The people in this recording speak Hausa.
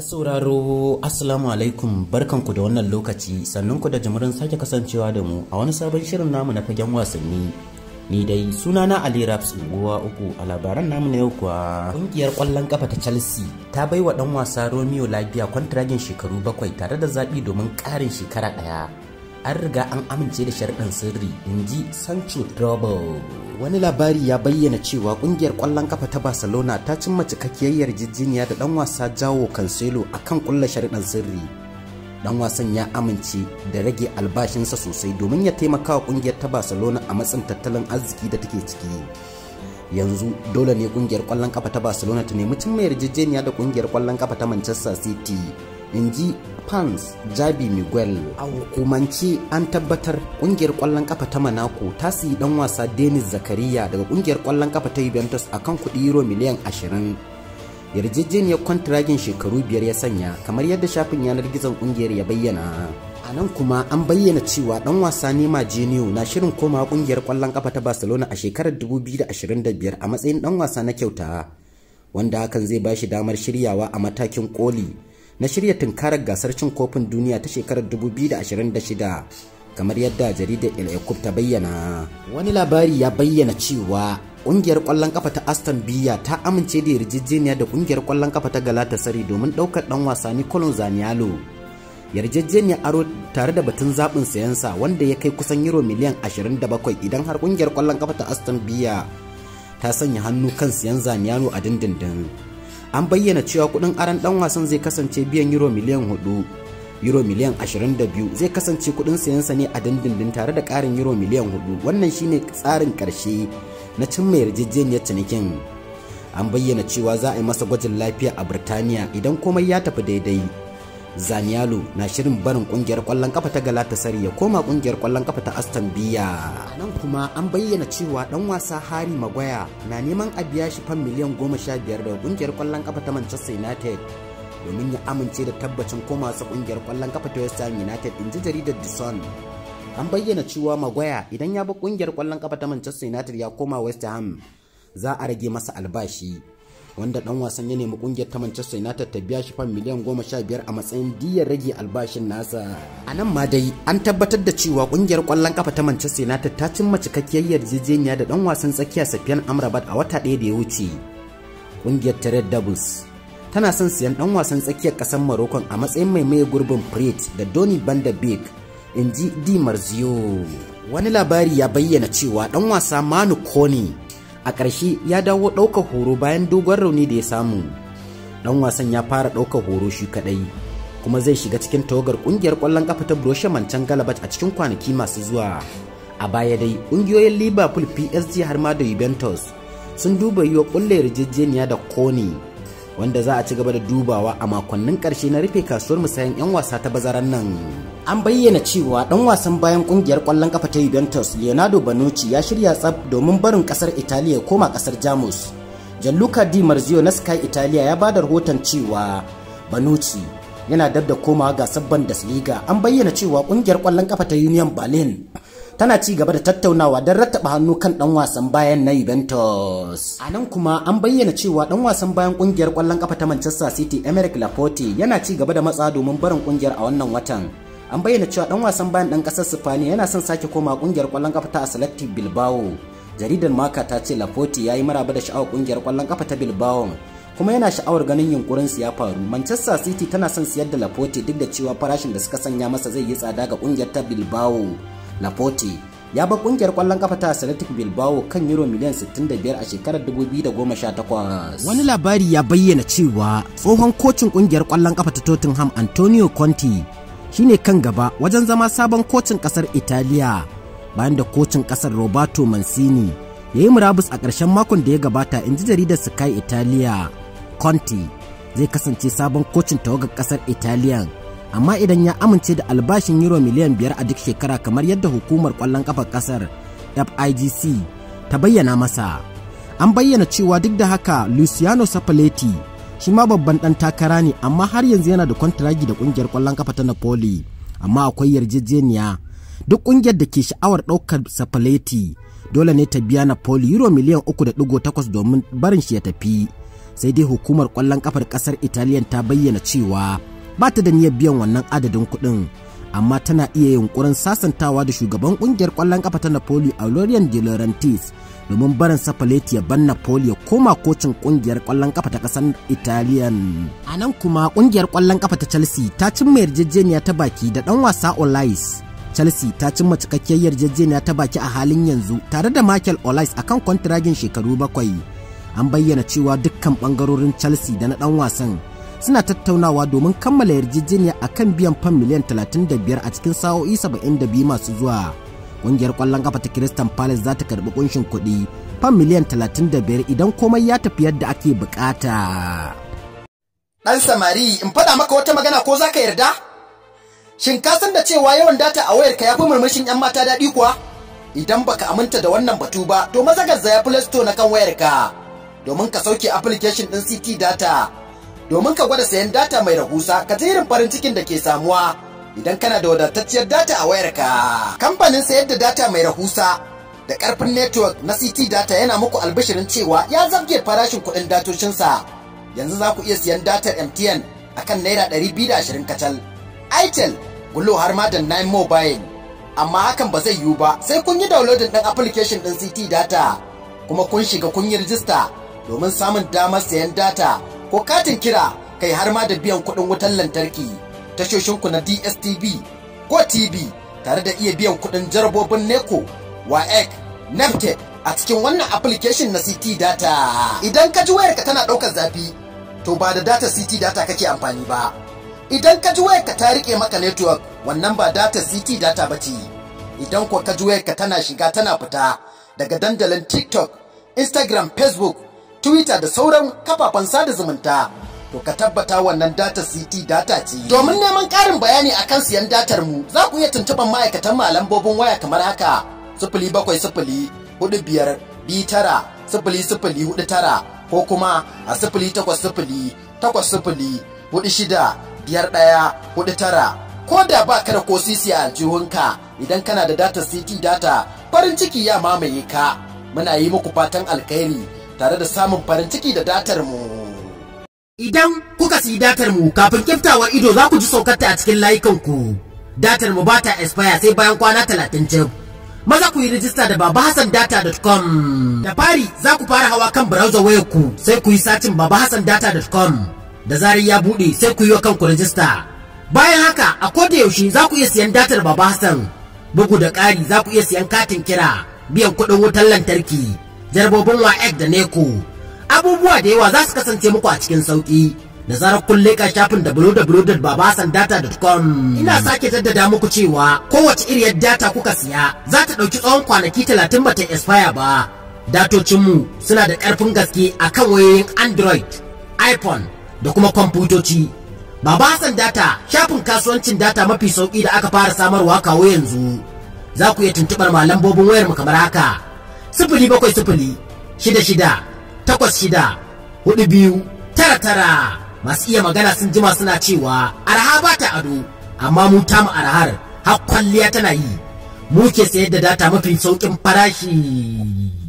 sauraro assalamu alaikum barkanku da wannan lokaci sannan ku da jimurin sake kasancewa da mu a wani sabon shirin namu na fagen wasanni ni dai suna na ali raps unguwa uku a labaran namu na yau kuwa Ƙungiyar kwallon ƙafa ta chelsea ta bai wa dan wasa romeo labia kwantiragin shekaru bakwai tare da zaɓi domin ƙarin shekara ɗaya an riga an amince da sharɗin sirri in ji sancho trouble wani labari ya bayyana cewa kungiyar ƙwallon kafa ta barcelona ta cimma cikakkiyar yarjejeniya da ɗan wasa jawo Kanselo a kan kulla sharɗin sirri ɗan wasan ya amince da rage albashinsa sosai domin ya taimaka wa kungiyar ta barcelona a matsin tattalin arziki da take ciki yanzu dole ne kungiyar ƙwallon kafa ta barcelona ta nemi cimma yarjejeniya da kungiyar ƙwallon kafa ta manchester city Inji ji pans jabi miguel a hukumance an tabbatar kungiyar kwallon kafa ta monaco ta siyi dan wasa denis zakariya daga kungiyar kwallon kafa ta juventus akan kuɗi euro miliyan 20 yarjejeniyar kwantiragin shekaru biyar ya sanya kamar yadda shafin yanar gizon kungiyar ya bayyana a nan kuma an bayyana cewa dan wasa nema Genio na shirin komawa kungiyar kwallon kafa ta barcelona a shekarar 2025 a matsayin dan wasa na kyauta wanda hakan zai ba shi damar shiryawa a matakin koli na shirya tunkarar gasar cin kofin duniya ta shekarar 2026 kamar yadda jaridar El Ekub ta bayyana. Wani labari ya bayyana cewa ƙungiyar kwallon kafa ta Aston Villa ta amince da yarjejeniya da ƙungiyar kwallon kafa ta Galatasaray domin ɗaukar ɗan wasa Nicolo Zaniolo. Yarjejeniya aro tare da batun zaɓin sayansa wanda ya kai kusan euro miliyan 27 idan har ƙungiyar ƙwallon kafa ta Aston Villa ta sanya hannu kan siyan Zaniolo a dindindin. an bayyana cewa kudin aron dan wasan zai kasance biyan euro miliyan 4 euro miliyan 22 zai kasance kudin sa ne a dindindin tare da karin euro miliyan 4 wannan shine tsarin karshe na cin mai yarjejeniyar cinikin an bayyana cewa za a yi masa gwajin lafiya a birtaniya idan komai ya tafi daidai Zaniyalu na shirin barin kungiyar kwallon kafa ta Galatasaray ya koma kungiyar kwallon kafa ta Aston Villa. Nan kuma an bayyana cewa dan wasa Harry Maguire na neman a biya shi fan miliyan 15 da kungiyar kwallon kafa ta Manchester United domin ya amince da tabbacin koma sa kungiyar kwallon kafa ta West Ham United inji jaridar The Sun. An bayyana cewa Maguire idan ya bi kungiyar kwallon kafa ta Manchester United ya koma West Ham za a rage masa albashi. wanda dan wasan ya nemi kungiyar ta Manchester United ta biya shi fan miliyan 15 a matsayin diyar rage albashin nasa. A nan ma dai an tabbatar da cewa kungiyar kwallon kafa ta Manchester United ta cimma cikakkiyar yarjejeniya da dan wasan tsakiya Safiyan Amrabat a wata ɗaya da ya wuce. Kungiyar ta Red Devils tana son siyan dan wasan tsakiyar ƙasar Morocco a matsayin mai maye gurbin Pret da Donny van de Beek in ji Di Marzio. Wani labari ya bayyana cewa dan wasa Manu Kone a ƙarshe ya dawo ɗaukar horo bayan dogon rauni da ya samu ɗan wasan ya fara ɗaukar horo shi kaɗai kuma zai shiga cikin tawagar ƙungiyar ƙwallon ƙafa ta Borussia Mönchengladbach a cikin kwanaki masu zuwa a baya dai ƙungiyoyin Liverpool PSG har ma da Juventus sun duba yiwa ƙulle yarjejeniya da Kone wanda za a ci gaba da dubawa a makonnin karshe na rufe kasuwar musayan 'yan wasa ta bazaran nan an bayyana cewa dan wasan bayan kungiyar kwallon kafa ta juventus leonardo bonucci ya shirya tsab domin barin kasar italiya koma kasar jamus gianluca di marzio na sky italia ya bada rahoton cewa bonucci yana dab da komawa ga da bundesliga an bayyana cewa kungiyar kwallon kafa ta union berlin tana ci gaba da tattaunawa don rattaba hannu kan dan wasan bayan na Juventus. A nan kuma an bayyana cewa dan wasan bayan kungiyar kwallon kafa ta Manchester City Emerick Laporte yana ci gaba da matsa domin barin kungiyar a wannan watan. An bayyana cewa dan wasan bayan dan kasar Spain yana son sake koma kungiyar kwallon kafa ta Athletic Bilbao. Jaridar Marca ta ce Laporte ya yi maraba da sha'awar kungiyar kwallon kafa ta Bilbao kuma yana sha'awar ganin yunkurin su ya faru. Manchester City tana son siyar da Laporte duk da cewa farashin da suka sanya masa zai yi tsada ga kungiyar ta Bilbao. Laporte ya ba kungiyar kwallon kafa ta Athletic Bilbao kan euro miliyan 65 a shekarar 2018. Wani labari ya bayyana cewa tsohon kocin kungiyar kwallon kafa ta Tottenham Antonio Conte shine kan gaba wajen zama sabon kocin kasar Italiya bayan da kocin kasar Roberto Mancini ya yi murabus a ƙarshen makon da ya gabata in ji jaridar Sky Italia. Conte zai kasance sabon kocin tawagar kasar Italiyan amma idan ya amince da albashin euro miliyan biyar a duk shekara kamar yadda hukumar kwallon kafar kasar FIGC ta bayyana masa. An bayyana cewa duk da haka Luciano Sapaletti shi ma babban ɗan takara ne amma har yanzu yana da kwantaragi da ƙungiyar ƙwallon kafa ta Napoli amma akwai yarjejeniya duk ƙungiyar da ke sha'awar ɗaukar Sapaletti dole ne ta biya Napoli euro miliyan 3.8 domin barin shi ya tafi sai dai hukumar kwallon kafar kasar Italiyan ta bayyana cewa ba ta da niyyar biyan wannan adadin kuɗin amma tana iya yunkurin sasantawa da shugaban ƙungiyar ƙwallon ƙafa ta napoli a lorian de laurentiis domin barin sapaleti ya ban Napoli ya koma kocin kungiyar kwallon kafa ta kasar Italian. A nan kuma ƙungiyar kwallon kafa ta Chelsea ta cimma yarjejeniya ta baki da ɗan wasa Olais. Chelsea ta cimma cikakkiyar yarjejeniya ta baki a halin yanzu tare da Michael Olais akan kwantiragin shekaru bakwai. An bayyana cewa dukkan bangarorin Chelsea da na ɗan wasan suna tattaunawa domin kammala yarjejeniya a kan biyan fan miliyan 35 a cikin sa'o'i 72 masu zuwa. Ƙungiyar ƙwallon kafa ta Kiristan Palace za ta karɓi ƙunshin kuɗi fan miliyan 35 idan komai ya tafi yadda ake buƙata. Ɗan samari, in faɗa maka wata magana ko za ka yarda? Shin ka san da cewa yawan data a wayarka ya fi murmushin 'yan mata daɗi kuwa? Idan baka aminta da wannan batu ba, to maza garzaya Play Store na kan wayarka. Domin ka sauke application ɗin City Data. domin ka gwada sayan data mai rahusa ka ji irin farin cikin da ke samuwa idan kana da wadatacciyar data a wayarka. Kamfanin sayar da data mai rahusa da ƙarfin network na CT data yana muku albishirin cewa ya zabge farashin kuɗin datocinsa. Yanzu za ku iya siyan datar MTN akan naira 220 kacal. Itel, Gullo har ma da Nine Mobile. Amma hakan ba zai yiwu ba sai kun yi downloading ɗin application ɗin CT data kuma kun shiga kun yi rijista domin samun damar sayan data ko katin kira kai har ma da biyan kuɗin wutar lantarki ta ku na DSTV ko TV tare da iya biyan kuɗin jarabobin NECO, WAEC, NEPTEC a cikin wannan application na CT data. Idan ka ji wayarka tana ɗaukar zafi, to ba da data CT data kake amfani ba. Idan ka ji wayarka ta riƙe maka network, wannan ba data CT data ba ce. Idan ko ka ji wayarka tana shiga tana fita daga dandalin TikTok, Instagram, Facebook, twitter da sauran kafafen sada zumunta to ka tabbata wannan data city data ce domin neman ƙarin bayani akan siyan datar mu za ku iya tuntuɓar ma'aikatan malambobin waya kamar haka sifili bakwai sifili hudu biyar biyu tara sifili sifili hudu tara ko kuma a sifili takwas sifili takwas sifili hudu shida biyar ɗaya hudu tara ko da ba ka da ko a aljihunka idan kana da data city data farin ciki ya mamaye ka muna yi muku fatan alkhairi tare da samun farin ciki da datar mu idan kuka siyi datar mu kafin kiftawar ido za ku ji saukarta a cikin layukan ku datar mu ba expire sai bayan kwana talatin cif maza ku yi rijista da babahasandata.com da fari za ku fara hawa kan browser wayar ku sai ku yi satin babahasandata.com da zarar ya buɗe sai ku yi wa kanku rijista bayan haka a koda yaushe za ku iya siyan datar baba hassan bugu da ƙari za ku iya siyan katin kira biyan kuɗin wutar lantarki jarbobin WAEC da neko Abubuwa da yawa za su kasance muku a cikin sauƙi. Da zarar kun leƙa shafin www.babasandata.com ina sake jaddada muku cewa kowace iriyar data kuka siya za ta ɗauki tsawon kwanaki talatin ta expire ba. Datocinmu suna da ƙarfin gaske a kan wayoyin Android, iPhone da kuma kwamfutoci. Baba Hassan Data shafin kasuwancin data mafi sauƙi da aka fara samarwa kawo yanzu. Za ku iya tuntuɓar malambobin wayarmu kamar haka. sifili bakwai sifili shida shida takwas shida hudu biyu tara tara masu iya magana sun jima suna cewa arha ba ta ado amma mu ta mu arhar har kwalliya tana yi mu sayar da data mafi saukin farashi